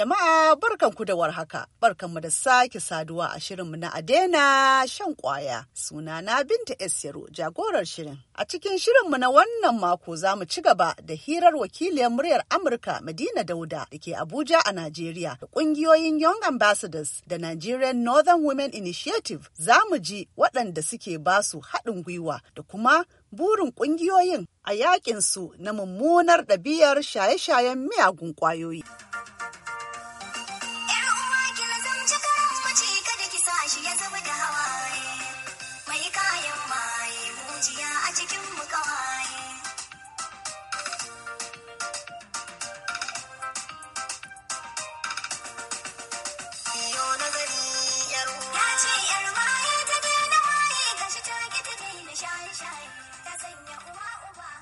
Jama'a barkanku da warhaka, barkanmu da sake saduwa a shirinmu na Adena shan kwaya. suna na Binta Esiro jagorar shirin. A cikin shirinmu na wannan mako za mu ci gaba da hirar wakiliyar muryar Amurka Madina Dauda da ke Abuja a Najeriya da ƙungiyoyin Young Ambassadors da Nigerian Northern Women Initiative za mu ji waɗanda suke ba su haɗin gwiwa da kuma burin ƙungiyoyin a yaƙinsu na mummunar ɗabi'ar shaye-shayen miyagun ƙwayoyi.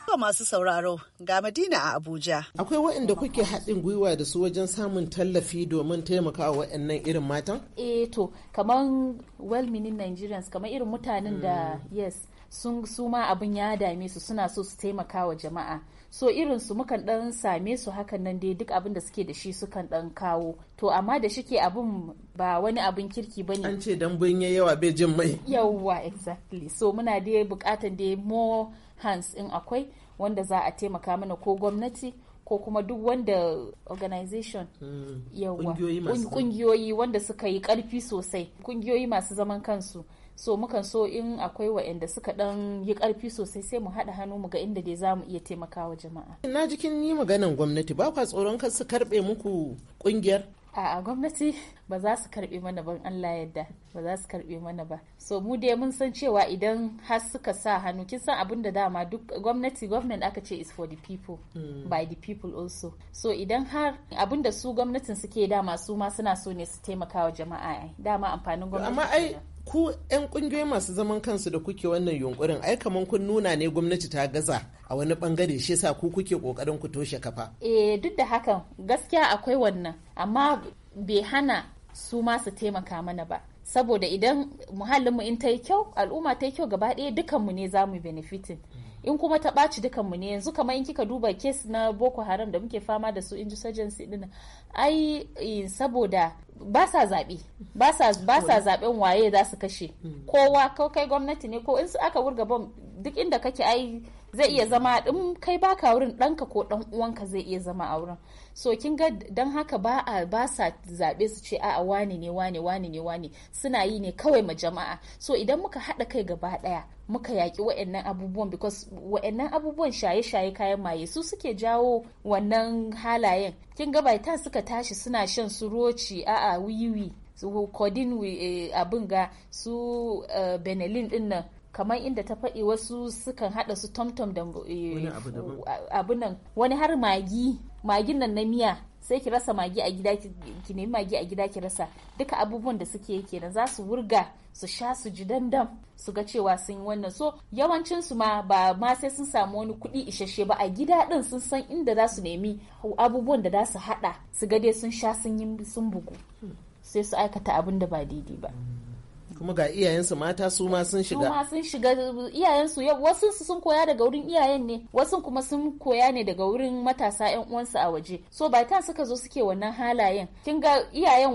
To masu sauraro ga Madina a Abuja. Akwai waɗanda kuke haɗin gwiwa da su wajen samun tallafi domin taimakawa waɗannan irin matan? Eh to, kamar well-meaning Nigerians, kamar irin mutanen da mm. yes. sun su ma abin ya dame su suna so su taimaka wa jama'a so irin su mukan dan same su hakan nan dai duk abin da suke da shi sukan dan kawo to amma da shike abin ba wani abin kirki bane an ce dan ya yawa bai jin mai yawa exactly so muna dai bukatan dai more hands in akwai wanda za a taimaka mana ko gwamnati ko kuma duk wanda organization mm. yawa kungiyoyi wanda suka yi karfi sosai kungiyoyi masu zaman kansu so mukan so in akwai wa'anda suka dan yi karfi sosai sai mu haɗa hannu mu ga inda dai za mu iya taimakawa jama'a na jikin yi maganan gwamnati ba kwa tsoron kan su karɓe muku ƙungiyar a'a gwamnati ba za su karbe mana ban Allah yadda ba za su karbe mana ba so mu dai mun san cewa idan har suka sa hannu kin san abin da dama duk gwamnati gwamnati aka ce is for the people mm. by the people also so idan har abin da su gwamnatin suke dama su ma suna so ne su taimakawa jama'a dama amfanin gwamnati amma ai ku 'yan kungiyoyi masu zaman kansu da kuke wannan yunkurin ai kaman kun nuna ne gwamnati ta gaza a wani bangare shi yasa ku kuke kokarin ku toshe kafa eh duk da hakan gaskiya akwai wannan amma bai hana su masu taimaka mana ba saboda idan muhallinmu in ta yi kyau al'umma ta yi kyau gaba ɗaya dukanmu ne za mu benefitin in kuma ta ɓaci dukanmu ne yanzu kamar in kika duba kes na boko haram da muke fama da su insurgency din ai eh, saboda ba sa zaɓe ba sa zaɓen waye za su kashe hmm. kowa kai gwamnati ne ko in aka wurga bom duk inda kake ai zai iya zama ɗin kai baka wurin ɗanka ko ɗan uwanka zai iya zama a wurin so kin ga don haka ba a ba sa zaɓe su ce a'a wani ne wani wani ne wani suna yi ne kawai ma jama'a so idan muka haɗa kai gaba ɗaya muka yaƙi wa'annan abubuwan because wa'annan abubuwan shaye-shaye kayan maye su suke jawo wannan halayen kin ga ta suka tashi suna shan su roci a'a wiwi kodin eh, abin ga su eh, benelin dinnan. kamar inda ta faɗi wasu sukan haɗa su tomtom da eh, abunan wani har magi magin nan na miya sai ki rasa magi a gida ki nemi magi a gida ki rasa duka abubuwan da suke yake kenan za su wurga su sha su ji dandam su ga cewa sun yi wannan so yawancin su ma ba ma sai sun samu wani kuɗi isasshe ba a gida din sun san inda za su nemi abubuwan da za su haɗa su ga dai sun sha sun yi sun bugu hmm. sai su aikata abin da ba daidai ba. Hmm. kuma ga iyayensu mata su ma sun shiga su ma sun shiga iyayensu wasu sun koya daga wurin iyayen ne wasu kuma sun koya ne daga wurin matasa yan uwansu a waje so ba ta suka zo suke wannan halayen kin ga iyayen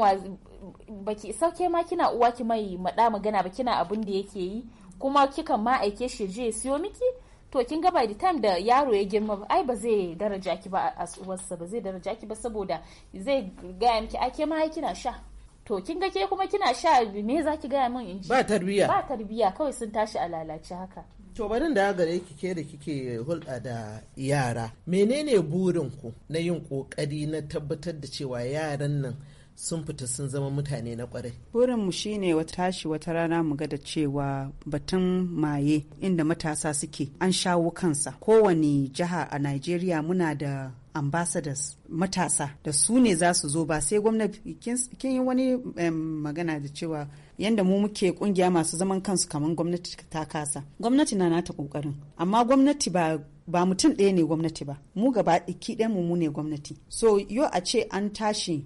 baki sauke ma kina uwa ki mai maɗa magana ba kina abin da yake yi kuma kikan ma aike shi je siyo miki to kin ga by the time da yaro ya girma ba ai ba zai daraja ki ba a uwarsa ba zai daraja ki ba saboda zai gaya miki ake ma kina sha to kin ga ke kuma kina sha me za ki gaya min inji ba tarbiya ba tarbiya kawai sun tashi a lalace haka to barin da gare ki ke da kike hulɗa da yara menene burin ku na yin kokari na tabbatar da cewa yaran nan sun fita sun zama mutane na kwarai. Burinmu mu shine wata tashi wata rana mu ga da cewa batun maye inda matasa suke an shawo kansa. Kowane jiha a Najeriya muna da ambassadors matasa da su ne za su zo ba sai gwamnati kin yi wani magana da cewa yadda mu muke kungiya masu zaman kansu kamar gwamnati ta kasa gwamnati na nata kokarin amma gwamnati ba ba mutum ɗaya ne gwamnati ba mu gaba ɗiki ɗaya mu ne gwamnati so yau a ce an tashi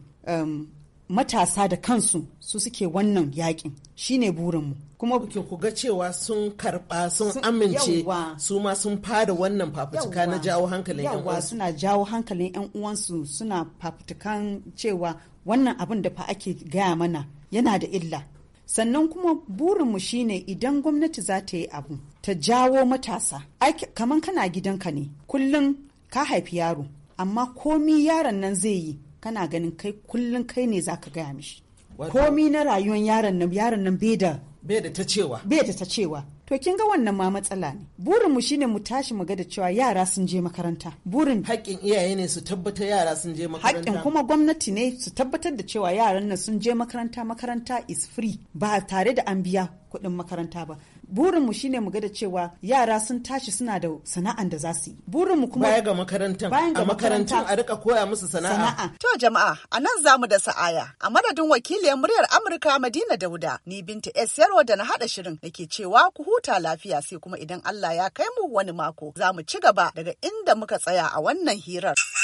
matasa da kansu su suke wannan yakin shine burinmu kuma kuke ku ga cewa sun karba sun amince su ma sun fara wannan fafutuka na jawo hankalin yan uwansu suna jawo hankalin yan uwansu suna fafutukan cewa wannan abin da fa ake gaya mana yana da illa sannan kuma burinmu shine idan gwamnati za ta yi abu ta jawo matasa kaman kana gidanka ne kullum ka haifi yaro amma komi yaron nan zai yi kana ganin kai kullum kai ne za ka gaya mishi komi na rayuwar yaron nan yaron nan bai da bai da ta cewa bai da ta cewa to kin ga wannan ma matsala ne burin mu shine mu tashi mu ga da cewa yara sun je makaranta burin haƙƙin iyaye ne su tabbatar yara sun je makaranta haƙƙin kuma gwamnati ne su tabbatar da cewa yaran nan sun je makaranta makaranta is free ba tare da an biya kuɗin makaranta ba burinmu shine mu ga da cewa yara sun tashi suna da sana'an da za su yi burinmu kuma baya ga makarantar a makarantar a rika koya musu sana'a to jama'a a nan zamu da sa'aya a madadin wakiliyar muryar amurka madina dauda ni binta s yaro da na hada shirin nake cewa ku huta lafiya sai kuma idan allah ya kai mu wani mako za mu ci gaba daga inda muka tsaya a wannan hirar.